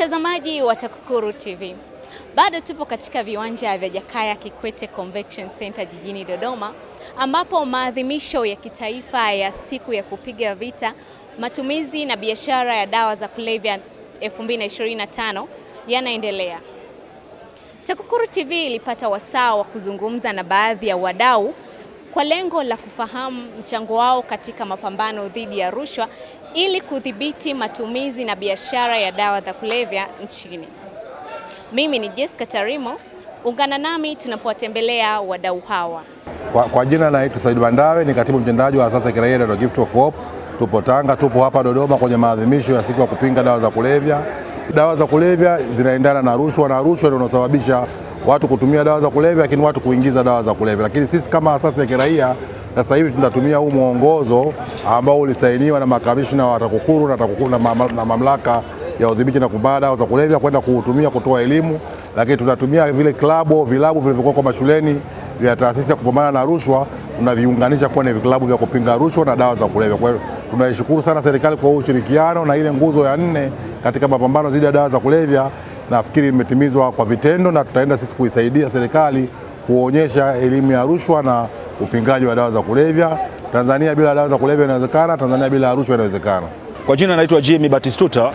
Mtazamaji wa TAKUKURU TV, bado tupo katika viwanja vya Jakaya Kikwete Convention Center jijini Dodoma, ambapo maadhimisho ya kitaifa ya siku ya kupiga vita matumizi na biashara ya dawa za kulevya 2025 yanaendelea. TAKUKURU TV ilipata wasaa wa kuzungumza na baadhi ya wadau kwa lengo la kufahamu mchango wao katika mapambano dhidi ya rushwa ili kudhibiti matumizi na biashara ya dawa za kulevya nchini. Mimi ni Jessica Tarimo, ungana nami tunapowatembelea wadau hawa. Kwa, kwa jina naitwa Said Bandawe, ni katibu mtendaji wa asasi ya kiraia na Gift of Hope. Tupo Tanga, tupo hapa Dodoma kwenye maadhimisho ya siku ya kupinga dawa za kulevya. Dawa za kulevya zinaendana na rushwa na rushwa ndio inasababisha watu kutumia dawa za kulevya, lakini watu kuingiza dawa za kulevya. Lakini sisi kama asasi ya kiraia sasa hivi tunatumia huu mwongozo ambao ulisainiwa na makamishna wa TAKUKURU na, TAKUKURU na, na mamlaka ya udhibiti na kupaa dawa za kulevya kwenda kuutumia kutoa elimu, lakini tunatumia vile klabu vilabu vilivyokuwa kwa mashuleni vya taasisi ya kupambana na rushwa tunaviunganisha kuwa ni viklabu vya kupinga rushwa na dawa za kulevya. Kwa hiyo tunaishukuru sana serikali kwa ushirikiano na ile nguzo ya nne katika mapambano dhidi ya dawa za kulevya nafikiri imetimizwa kwa vitendo, na tutaenda sisi kuisaidia serikali kuonyesha elimu ya rushwa na upingaji wa dawa za kulevya. Tanzania bila dawa za kulevya inawezekana, Tanzania bila rushwa inawezekana. Kwa jina naitwa Jimmy Batistuta,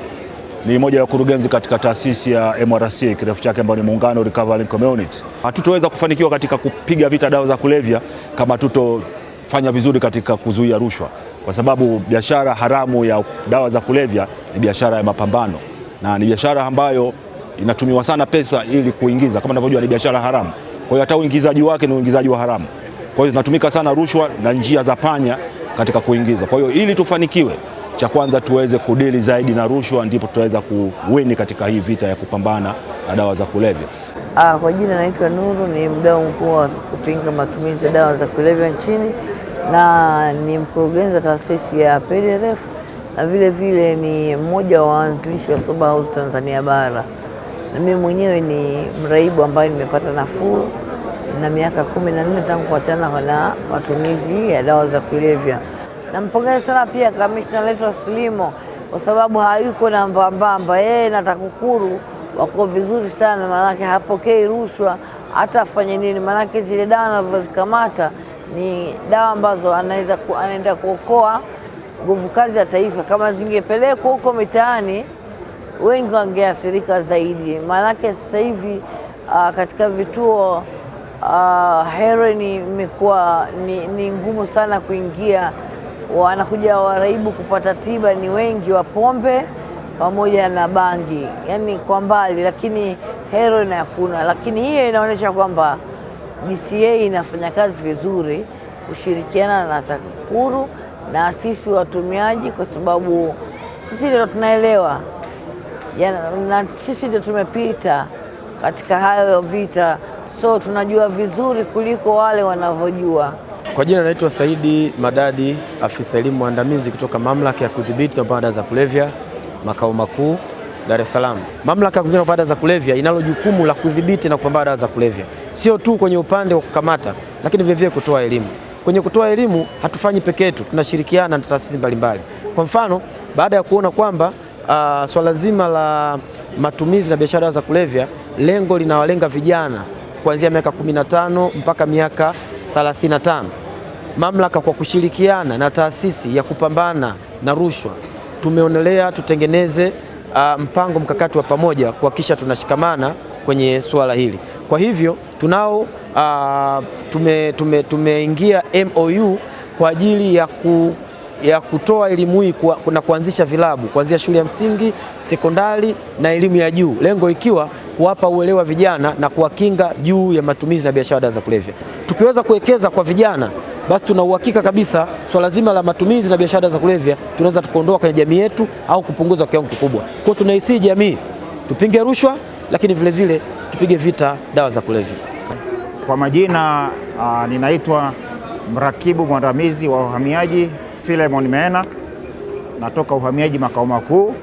ni mmoja wa kurugenzi katika taasisi ya MRC kirefu chake ambayo ni Muungano Recovering Community. Hatutoweza kufanikiwa katika kupiga vita dawa za kulevya kama tutofanya vizuri katika kuzuia rushwa, kwa sababu biashara haramu ya dawa za kulevya ni biashara ya mapambano na ni biashara ambayo inatumiwa sana pesa ili kuingiza, kama unavyojua ni biashara haramu. Kwa hiyo hata uingizaji wake ni uingizaji wa haramu. Kwa hiyo zinatumika sana rushwa na njia za panya katika kuingiza. Kwa hiyo ili tufanikiwe, cha kwanza tuweze kudili zaidi na rushwa, ndipo tutaweza kuwini katika hii vita ya kupambana na dawa za kulevya. Ah, kwa jina naitwa Nuru, ni mdau mkuu wa kupinga matumizi ya dawa za kulevya nchini na ni mkurugenzi wa taasisi ya PDRF na vile vile ni mmoja wa waanzilishi wa Sober House Tanzania Bara na mimi mwenyewe ni mraibu ambaye nimepata nafuu na miaka kumi na nne tangu kuachana na matumizi ya dawa za kulevya. Nampongeza sana pia kamishna letu Slimo kwa sababu hayuko na mbambamba, yeye na TAKUKURU wako vizuri sana, maanake hapokei rushwa hata afanye nini, maanake zile dawa anavyozikamata ni dawa ambazo anaweza anaenda kuokoa nguvu kazi ya taifa. Kama zingepelekwa huko mitaani wengi wangeathirika zaidi, maanake sasa hivi uh, katika vituo uh, ah, heroini imekuwa ni, ni ngumu sana kuingia. Wanakuja waraibu kupata tiba ni wengi wa pombe pamoja na bangi, yani kwa mbali, lakini heroin hakuna. Lakini hiyo inaonyesha kwamba DCA inafanya kazi vizuri kushirikiana na TAKUKURU na sisi watumiaji, kwa sababu sisi ndio tunaelewa na sisi ndio tumepita katika hayo vita, so tunajua vizuri kuliko wale wanavyojua. Kwa jina naitwa Saidi Madadi, afisa elimu mwandamizi kutoka Mamlaka ya Kudhibiti na Dawa za Kulevya, makao makuu Dar es Salaam. Mamlaka ya Kudhibiti Dawa za Kulevya inalo jukumu la kudhibiti na kupambana dawa za kulevya, sio tu kwenye upande wa kukamata, lakini vilevile kutoa elimu. Kwenye kutoa elimu hatufanyi peke yetu, tunashirikiana na taasisi mbalimbali. Kwa mfano, baada ya kuona kwamba uh, swala zima la matumizi na biashara za kulevya, lengo linawalenga vijana kuanzia miaka 15 mpaka miaka 35. Mamlaka kwa kushirikiana na taasisi ya kupambana na rushwa tumeonelea tutengeneze uh, mpango mkakati wa pamoja kuhakikisha tunashikamana kwenye suala hili. Kwa hivyo tunao uh, ah, tumeingia tume, tume MOU kwa ajili ya ku ya kutoa elimu hii na kuanzisha vilabu kuanzia shule ya msingi, sekondari na elimu ya juu, lengo ikiwa kuwapa uelewa vijana na kuwakinga juu ya matumizi na biashara dawa za kulevya. Tukiweza kuwekeza kwa vijana, basi tuna uhakika kabisa swala zima la matumizi na biashara dawa za kulevya tunaweza tukaondoa kwenye jamii yetu au kupunguza kwa kiwango kikubwa. Kwa hiyo tunahisi jamii tupinge rushwa, lakini vilevile vile, tupige vita dawa za kulevya. Kwa majina uh, ninaitwa mrakibu mwandamizi wa uhamiaji Philemon Mena, natoka uhamiaji makao makuu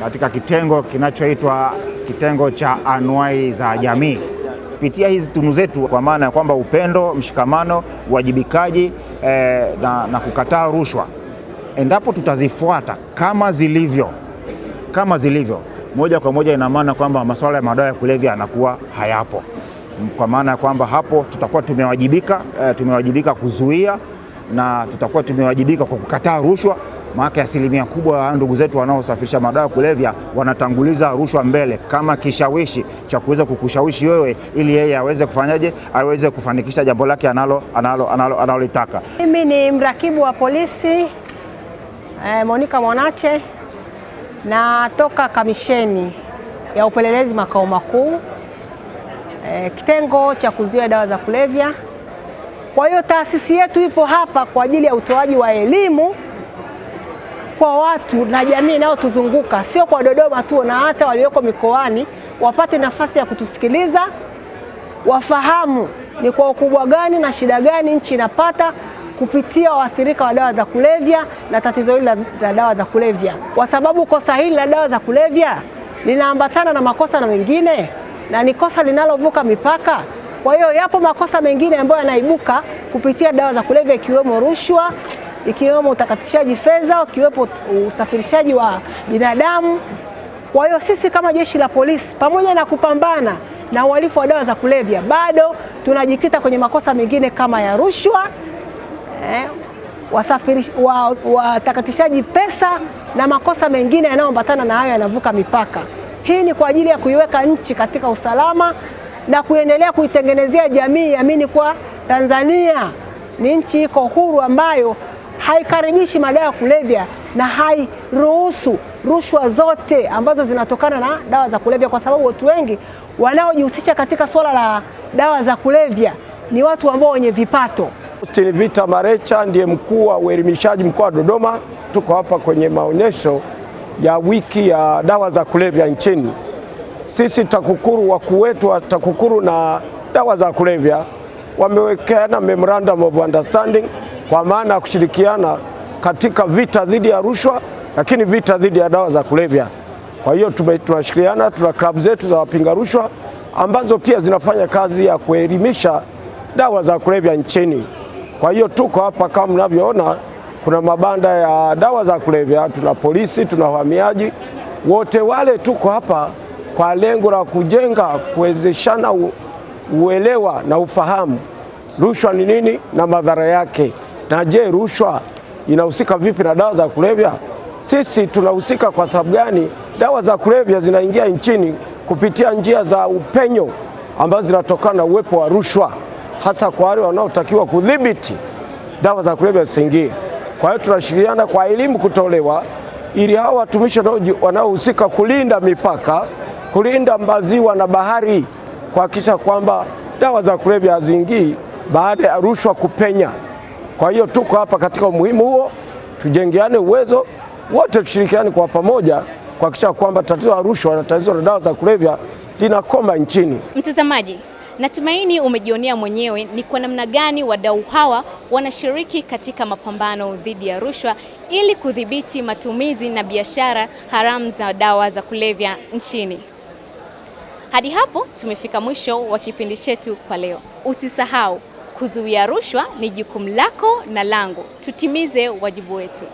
katika kitengo kinachoitwa kitengo cha anuwai za jamii. Kupitia hizi tunu zetu, kwa maana ya kwamba upendo, mshikamano, uwajibikaji eh, na, na kukataa rushwa, endapo tutazifuata kama zilivyo, kama zilivyo moja kwa moja, ina maana kwamba masuala ya madawa ya kulevya yanakuwa hayapo, kwa maana ya kwamba hapo tutakuwa tumewajibika, eh, tumewajibika kuzuia na tutakuwa tumewajibika kwa kukataa rushwa, maana asilimia kubwa ya ndugu zetu wanaosafirisha madawa kulevya wanatanguliza rushwa mbele kama kishawishi cha kuweza kukushawishi wewe ili yeye aweze kufanyaje, aweze kufanikisha jambo lake analolitaka. Analo, analo, analo mimi ni mrakibu wa polisi eh, Monica Mwanache natoka kamisheni ya upelelezi makao makuu eh, kitengo cha kuzuia dawa za kulevya. Kwa hiyo taasisi yetu ipo hapa kwa ajili ya utoaji wa elimu kwa watu na jamii inayotuzunguka, sio kwa Dodoma tu, na hata walioko mikoani wapate nafasi ya kutusikiliza, wafahamu ni kwa ukubwa gani na shida gani nchi inapata kupitia waathirika wa dawa za kulevya na tatizo hili la dawa za kulevya, kwa sababu kosa hili la dawa za kulevya linaambatana na makosa na mengine na ni kosa linalovuka mipaka. Kwa hiyo yapo makosa mengine ambayo yanaibuka kupitia dawa za kulevya ikiwemo rushwa, ikiwemo utakatishaji fedha, ikiwepo usafirishaji wa binadamu. Kwa hiyo sisi kama jeshi la polisi, pamoja na kupambana na uhalifu wa dawa za kulevya, bado tunajikita kwenye makosa mengine kama ya rushwa eh, watakatishaji wa, wa pesa na makosa mengine yanayoambatana na hayo yanavuka mipaka. Hii ni kwa ajili ya kuiweka nchi katika usalama na kuendelea kuitengenezea jamii iamini kwa Tanzania ni nchi iko huru ambayo haikaribishi madawa ya kulevya na hairuhusu rushwa zote ambazo zinatokana na dawa za kulevya, kwa sababu watu wengi wanaojihusisha katika swala la dawa za kulevya ni watu ambao wenye vipato. Austin Vita Marecha ndiye mkuu wa uelimishaji mkoa wa Dodoma. Tuko hapa kwenye maonyesho ya wiki ya dawa za kulevya nchini sisi TAKUKURU wakuu wetu wa TAKUKURU na dawa za kulevya wamewekeana memorandum of understanding kwa maana ya kushirikiana katika vita dhidi ya rushwa, lakini vita dhidi ya dawa za kulevya. Kwa hiyo tunashirikiana, tuna klabu zetu za wapinga rushwa ambazo pia zinafanya kazi ya kuelimisha dawa za kulevya nchini. Kwa hiyo tuko hapa kama mnavyoona, kuna mabanda ya dawa za kulevya, tuna polisi, tuna wahamiaji, wote wale tuko hapa kwa lengo la kujenga kuwezeshana uelewa na ufahamu rushwa ni nini na madhara yake, na je, rushwa inahusika vipi na dawa za kulevya? Sisi tunahusika kwa sababu gani? Dawa za kulevya zinaingia nchini kupitia njia za upenyo ambazo zinatokana na uwepo wa rushwa, hasa kwa wale wanaotakiwa kudhibiti dawa za kulevya zisiingie. Kwa hiyo tunashirikiana kwa elimu kutolewa, ili hao watumishi wanaohusika kulinda mipaka kulinda maziwa na bahari, kuhakikisha kwamba dawa za kulevya haziingii baada ya rushwa kupenya. Kwa hiyo tuko hapa katika umuhimu huo, tujengeane uwezo wote, tushirikiane kwa pamoja kuhakikisha kwamba tatizo la rushwa na tatizo la dawa za kulevya linakoma nchini. Mtazamaji, Natumaini umejionea mwenyewe ni kwa namna gani wadau hawa wanashiriki katika mapambano dhidi ya rushwa ili kudhibiti matumizi na biashara haramu za dawa za kulevya nchini. Hadi hapo tumefika mwisho wa kipindi chetu kwa leo. Usisahau, kuzuia rushwa ni jukumu lako na langu. Tutimize wajibu wetu.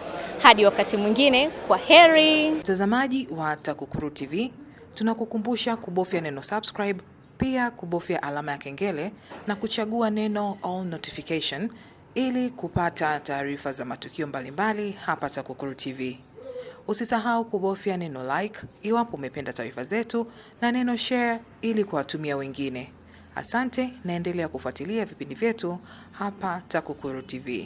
Hadi wakati mwingine, kwa heri. Mtazamaji wa TAKUKURU TV, tunakukumbusha kubofya neno subscribe, pia kubofya alama ya kengele na kuchagua neno all notification ili kupata taarifa za matukio mbalimbali hapa TAKUKURU TV. Usisahau kubofya neno like iwapo umependa taarifa zetu na neno share ili kuwatumia wengine. Asante, naendelea kufuatilia vipindi vyetu hapa TAKUKURU TV.